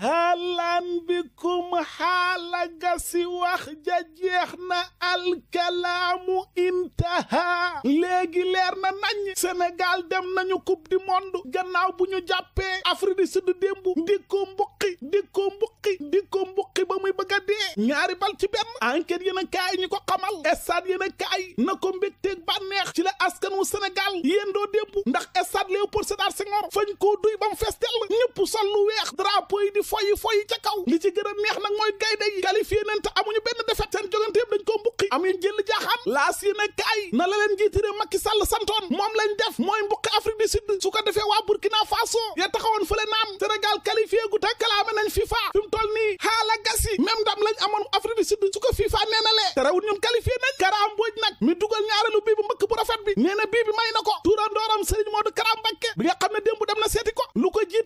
ahlan bikum xaalaga si wax ja jeex na alkalaamu intaha léegi leer na nañ Sénégal dem nañu coupe du monde gannaaw bu ñu jàppee Afrique du Sud démbu di mbuqi di ko mbuqi di ko mbuqi ba muy bëgg dee ñaari bal ci benn enquête yéen a kaay ñu ko xamal stade yéen kaay na ko mbégteeg bànneex ci la askanu Sénégal yéen doo démb ndax stade Léopold Sédar Senghor fañ koo duy bam fees dell ñëpp sol lu weex drapeau yi di foyi foyi ca kaw li ci gën a neex nag mooy gaynde yi qualifié nañ te amuñu benn défaite seen jogante yëpp dañ koo mbuqi amuñu jël jaaxaan laas yéen a kaay na la leen njiiti réew Macky santoon moom lañ def mooy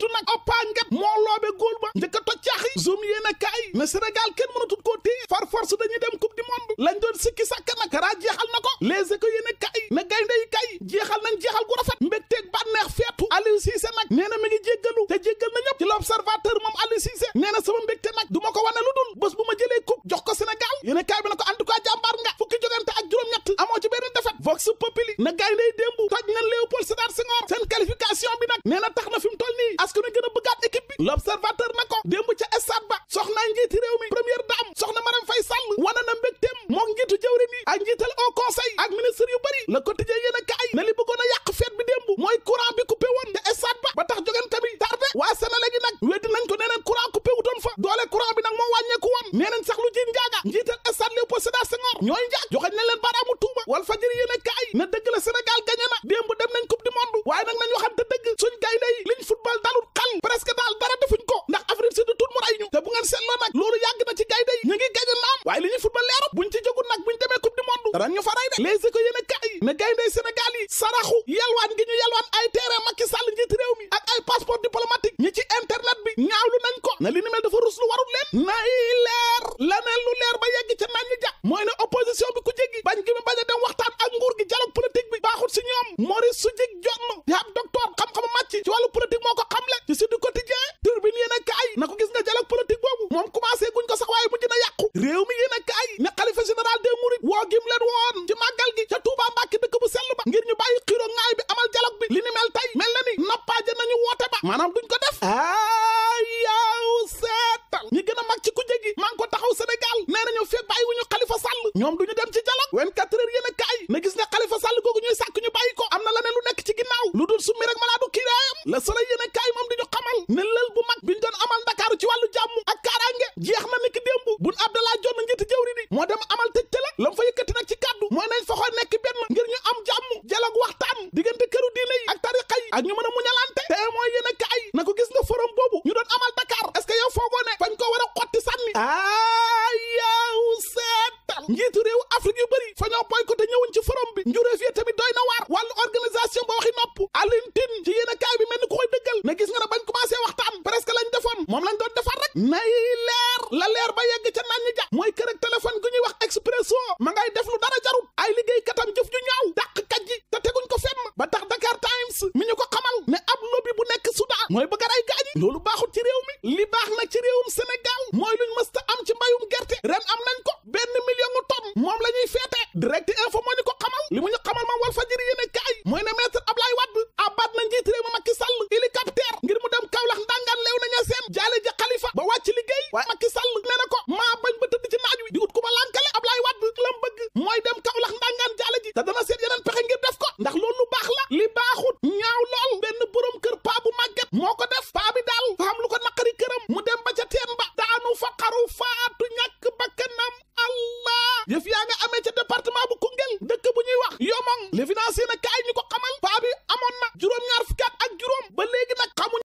jiitu nag oppa nget moo loobe góol ba njëkk a zoom yéen a kaay kenn mënatut koo téye far force dañuy dem coupe du monde lañ doon sikki sàkk nag karaa jeexal na ko les éco yéen a gaynde yi kaay jeexal nañ jeexal gu rafet mbégteeg bànneex feetu Aliou Cissé nag nee na jéggalu te jéggal na ñëpp ci l'observateur moom Aliou Cissé nee sama mbégte nag du ko wane lu dul bés bu ma jëlee coupe jox ko Sénégal yéen bi na ko en tout l'observateur na ko démb ca estade ba soxnaa njiiti réew mi première dame soxna Marème Faye Sall wane na mbégteem mook njiitu jëwrin yi ak njiital au conseil ak ministre yu bëri le quotidien yéen a kaay ne li bëggoon a yàq démb mooy courant bi coupé woon te estade ba ba tax jogante bi tardé waa Sénégal gi nag weddi nañ ko nee neen courant wutoon fa doole courant bi nag moo wàññeeku woon nee neen sax njaaga njiital estade Léopold Sédar Senghor danañ ñu fa rey de les éco yéen a kaay ne gaynde Sénégal yi saraxu yalwaan gi ñu yalwaan ay terrain Macky Sall njiit réew mi ak ay passeport diplomatique ñi ci internet bi ñaawlu nañ ko na li ni mel dafa ruslu warul leen na maanaam duñ ko def aa yaaw seetal ñi gën a mag ci ku jégi maa ngi ko taxaw Sénégal nee nañu fekk bàyyi wu ñu ñoom duñu dem ci dialogue 24 heures yéen a kaay na gis ne Khalifa Sall googu ñuy sàkk ñu bàyyi ko am na leneen lu nekk ci ginnaaw lu dul summi rek malaadu kiraayam Le Soleil yéen a kaay moom duñu xamal ne lël bu mag biñ doon amal Ndakaaru ci wàllu jàmm ak kaaraange jeex na niki démb Boun Abdallah Dionne njiitu jëwri di moo dem amal tëj la bëri fa ñoo boycotté ñëwuñ ci forum bi njuréef yi tamit doy na waar wàllu organisation ba waxi nopp Alioune ci yéen kaay bi mel ni ku koy dëggal ne gis nga ne bañ commencé waxtaan presque lañ defoon moom lañ doon defar rek nay leer la leer ba yegg ca naan ñi mooy kër ak téléphone gu ñuy wax expresso ma ngay def lu dara jarut ay liggéey katam jëf ju ñaaw dàq kaj ji te teguñ ko fenn ba tax Dakar Times mi ñu ko xamal ne ab lobby bu nekk Soudan moo ko def paa bi daal fa am lu ko naqari këram mu dem ba ca teen ba daanu fa xaru faatu ñàkk bakkanam allah yëf yaa nga amee ca département bu Koungheul dëkk bu ñuy wax Yomong le financier na kaay ñu ko xamal paa amoon na juróom-ñaar fukki ak juróom ba léegi nag xamuñ